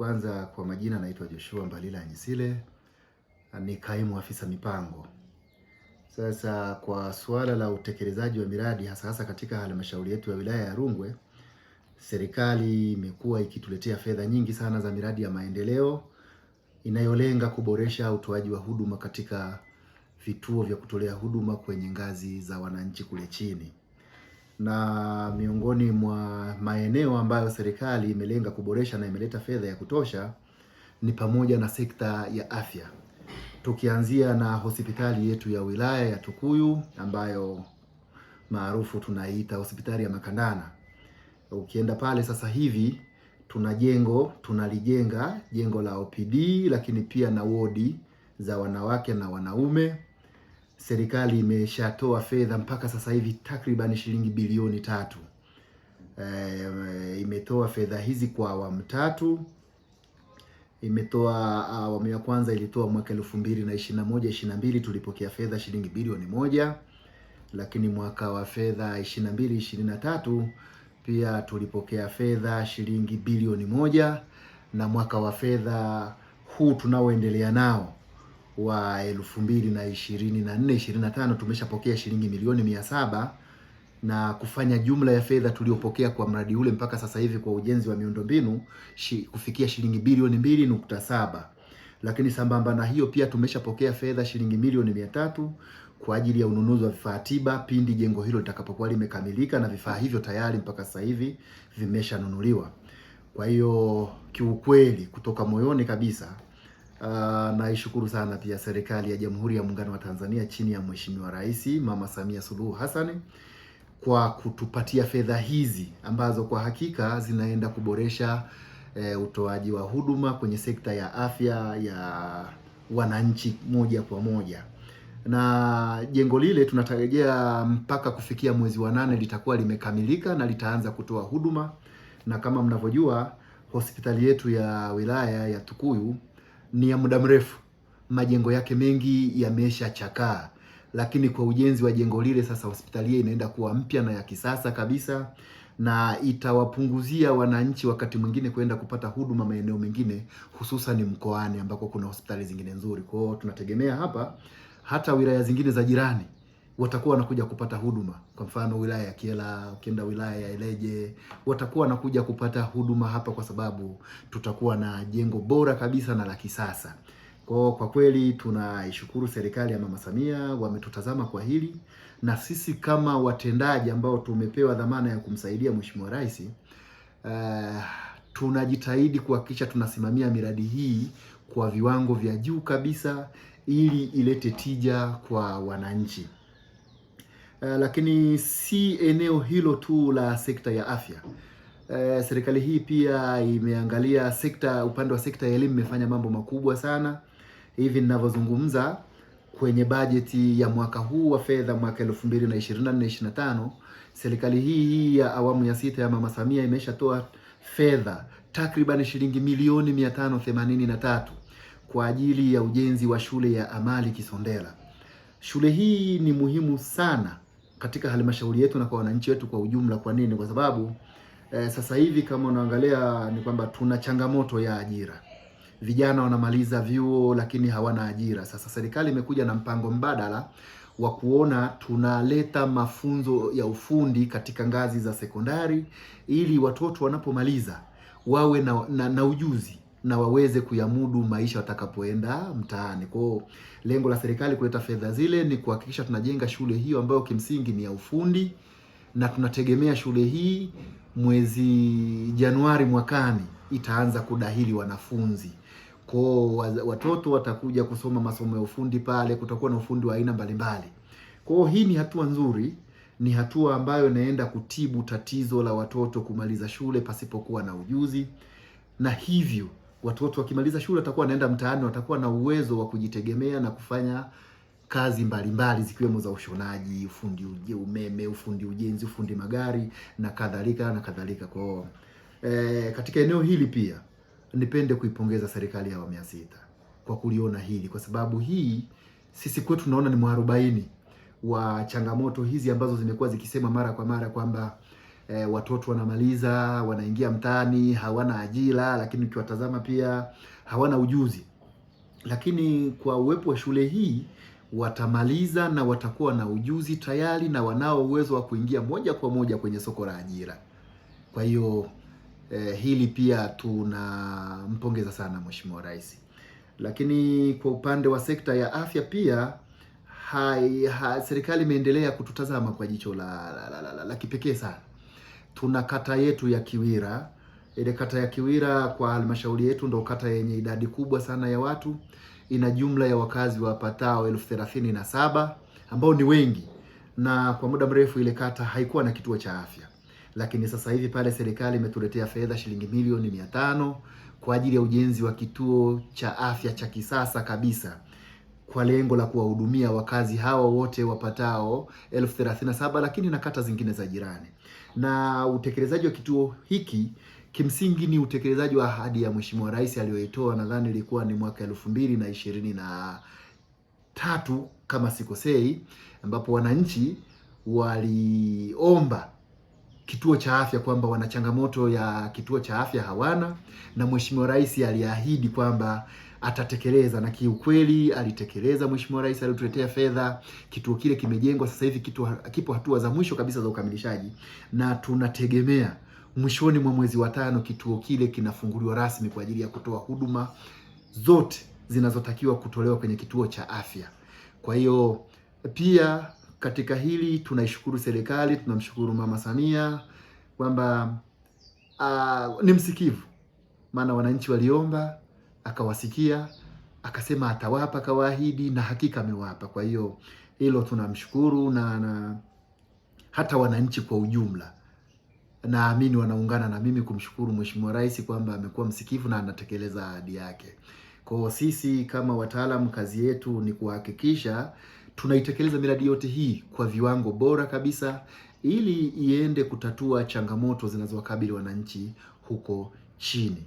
Kwanza kwa majina naitwa Joshua Mbalila Anyisile, ni kaimu afisa mipango. Sasa kwa suala la utekelezaji wa miradi hasa hasa katika halmashauri yetu ya wilaya ya Rungwe, serikali imekuwa ikituletea fedha nyingi sana za miradi ya maendeleo inayolenga kuboresha utoaji wa huduma katika vituo vya kutolea huduma kwenye ngazi za wananchi kule chini na miongoni mwa maeneo ambayo serikali imelenga kuboresha na imeleta fedha ya kutosha ni pamoja na sekta ya afya, tukianzia na hospitali yetu ya wilaya ya Tukuyu ambayo maarufu tunaiita hospitali ya Makandana. Ukienda pale sasa hivi tuna jengo tunalijenga jengo la OPD, lakini pia na wodi za wanawake na wanaume serikali imeshatoa fedha mpaka sasa hivi takriban shilingi bilioni tatu. E, imetoa fedha hizi kwa awamu tatu. Imetoa ah, awamu ya kwanza ilitoa mwaka elfu mbili na ishirini na moja ishirini na mbili tulipokea fedha shilingi bilioni moja, lakini mwaka wa fedha ishirini na mbili ishirini na tatu pia tulipokea fedha shilingi bilioni moja na mwaka wa fedha huu tunaoendelea nao wa elfu mbili na ishirini na nne ishirini na tano tumeshapokea shilingi milioni mia saba na kufanya jumla ya fedha tuliyopokea kwa mradi ule mpaka sasa hivi kwa ujenzi wa miundombinu shi, kufikia shilingi bilioni mbili nukta saba lakini sambamba na hiyo pia tumeshapokea fedha shilingi milioni mia tatu kwa ajili ya ununuzi wa vifaa tiba pindi jengo hilo litakapokuwa limekamilika, na vifaa hivyo tayari mpaka sasa hivi vimeshanunuliwa. Kwa hiyo kiukweli, kutoka moyoni kabisa Uh, naishukuru sana pia serikali ya Jamhuri ya Muungano wa Tanzania chini ya Mheshimiwa Rais Mama Samia Suluhu Hassan kwa kutupatia fedha hizi ambazo kwa hakika zinaenda kuboresha e, utoaji wa huduma kwenye sekta ya afya ya wananchi moja kwa moja, na jengo lile tunatarajia mpaka kufikia mwezi wa nane litakuwa limekamilika na litaanza kutoa huduma, na kama mnavyojua hospitali yetu ya wilaya ya Tukuyu ni ya muda mrefu, majengo yake mengi yameshachakaa, lakini kwa ujenzi wa jengo lile sasa hospitali inaenda kuwa mpya na ya kisasa kabisa, na itawapunguzia wananchi wakati mwingine kwenda kupata huduma maeneo mengine, hususan mkoani ambako kuna hospitali zingine nzuri. Kwa hiyo tunategemea hapa hata wilaya zingine za jirani watakuwa wanakuja kupata huduma. Kwa mfano wilaya ya Kyela, ukienda wilaya ya Ileje watakuwa wanakuja kupata huduma hapa, kwa sababu tutakuwa na jengo bora kabisa na la kisasa. Kwa kwa kweli tunaishukuru serikali ya Mama Samia, wametutazama kwa hili, na sisi kama watendaji ambao tumepewa dhamana ya kumsaidia Mheshimiwa Rais uh, tunajitahidi kuhakikisha tunasimamia miradi hii kwa viwango vya juu kabisa ili ilete tija kwa wananchi. Uh, lakini si eneo hilo tu la sekta ya afya. Uh, serikali hii pia imeangalia sekta, upande wa sekta ya elimu imefanya mambo makubwa sana. Hivi ninavyozungumza kwenye bajeti ya mwaka huu wa fedha mwaka 2024 2025, serikali hii hii ya awamu ya sita ya Mama Samia imeshatoa fedha takriban shilingi milioni 583 kwa ajili ya ujenzi wa shule ya amali Kisondela. Shule hii ni muhimu sana katika halmashauri yetu na kwa wananchi wetu kwa ujumla. Kwa nini? Kwa sababu eh, sasa hivi kama unaangalia ni kwamba tuna changamoto ya ajira, vijana wanamaliza vyuo lakini hawana ajira. Sasa serikali imekuja na mpango mbadala wa kuona tunaleta mafunzo ya ufundi katika ngazi za sekondari ili watoto wanapomaliza wawe na, na, na ujuzi na waweze kuyamudu maisha watakapoenda mtaani. Kwa hiyo lengo la serikali kuleta fedha zile ni kuhakikisha tunajenga shule hiyo ambayo kimsingi ni ya ufundi, na tunategemea shule hii mwezi Januari mwakani itaanza kudahili wanafunzi. Kwa hiyo watoto watakuja kusoma masomo ya ufundi pale, kutakuwa na ufundi wa aina mbalimbali. Kwa hiyo hii ni hatua nzuri, ni hatua ambayo inaenda kutibu tatizo la watoto kumaliza shule pasipokuwa na ujuzi na hivyo watoto wakimaliza shule watakuwa wanaenda mtaani, watakuwa na uwezo wa kujitegemea na kufanya kazi mbalimbali zikiwemo za ushonaji, ufundi uje umeme, ufundi ujenzi, ufundi magari na kadhalika na kadhalika. Kwa e, katika eneo hili pia nipende kuipongeza serikali ya awamu ya sita kwa kuliona hili, kwa sababu hii sisi kwetu tunaona ni mwarobaini wa changamoto hizi ambazo zimekuwa zikisema mara kwa mara kwamba e, watoto wanamaliza wanaingia mtaani hawana ajira, lakini ukiwatazama pia hawana ujuzi, lakini kwa uwepo wa shule hii watamaliza na watakuwa na ujuzi tayari na wanao uwezo wa kuingia moja kwa moja kwenye soko la ajira. Kwa hiyo eh, hili pia tunampongeza sana Mheshimiwa Rais. Lakini kwa upande wa sekta ya afya pia hai, ha, serikali imeendelea kututazama kwa jicho la, la, la, la, la, la kipekee sana tuna kata yetu ya Kiwira. Ile kata ya Kiwira kwa halmashauri yetu ndo kata yenye idadi kubwa sana ya watu, ina jumla ya wakazi wapatao elfu thelathini na saba ambao ni wengi, na kwa muda mrefu ile kata haikuwa na kituo cha afya, lakini sasa hivi pale serikali imetuletea fedha shilingi milioni mia tano kwa ajili ya ujenzi wa kituo cha afya cha kisasa kabisa kwa lengo la kuwahudumia wakazi hawa wote wapatao elfu thelathini na saba lakini na kata zingine za jirani. Na utekelezaji wa kituo hiki kimsingi ni utekelezaji wa ahadi ya Mheshimiwa Rais aliyoitoa, nadhani ilikuwa ni mwaka elfu mbili na ishirini na tatu kama sikosei, ambapo wananchi waliomba kituo cha afya kwamba wana changamoto ya kituo cha afya hawana, na Mheshimiwa Rais aliahidi kwamba atatekeleza, na kiukweli alitekeleza. Mheshimiwa Rais alituletea fedha, kituo kile kimejengwa sasa hivi, kitu kipo hatua za mwisho kabisa za ukamilishaji, na tunategemea mwishoni mwa mwezi wa tano kituo kile kinafunguliwa rasmi kwa ajili ya kutoa huduma zote zinazotakiwa kutolewa kwenye kituo cha afya. Kwa hiyo pia katika hili tunaishukuru serikali, tunamshukuru Mama Samia kwamba uh, ni msikivu, maana wananchi waliomba akawasikia, akasema atawapa, akawaahidi na hakika amewapa. Kwa hiyo hilo tunamshukuru na, na hata wananchi kwa ujumla naamini wanaungana na mimi kumshukuru Mheshimiwa Rais kwamba amekuwa msikivu na anatekeleza ahadi yake. Kwa hiyo sisi kama wataalamu kazi yetu ni kuhakikisha tunaitekeleza miradi yote hii kwa viwango bora kabisa ili iende kutatua changamoto zinazowakabili wananchi huko chini.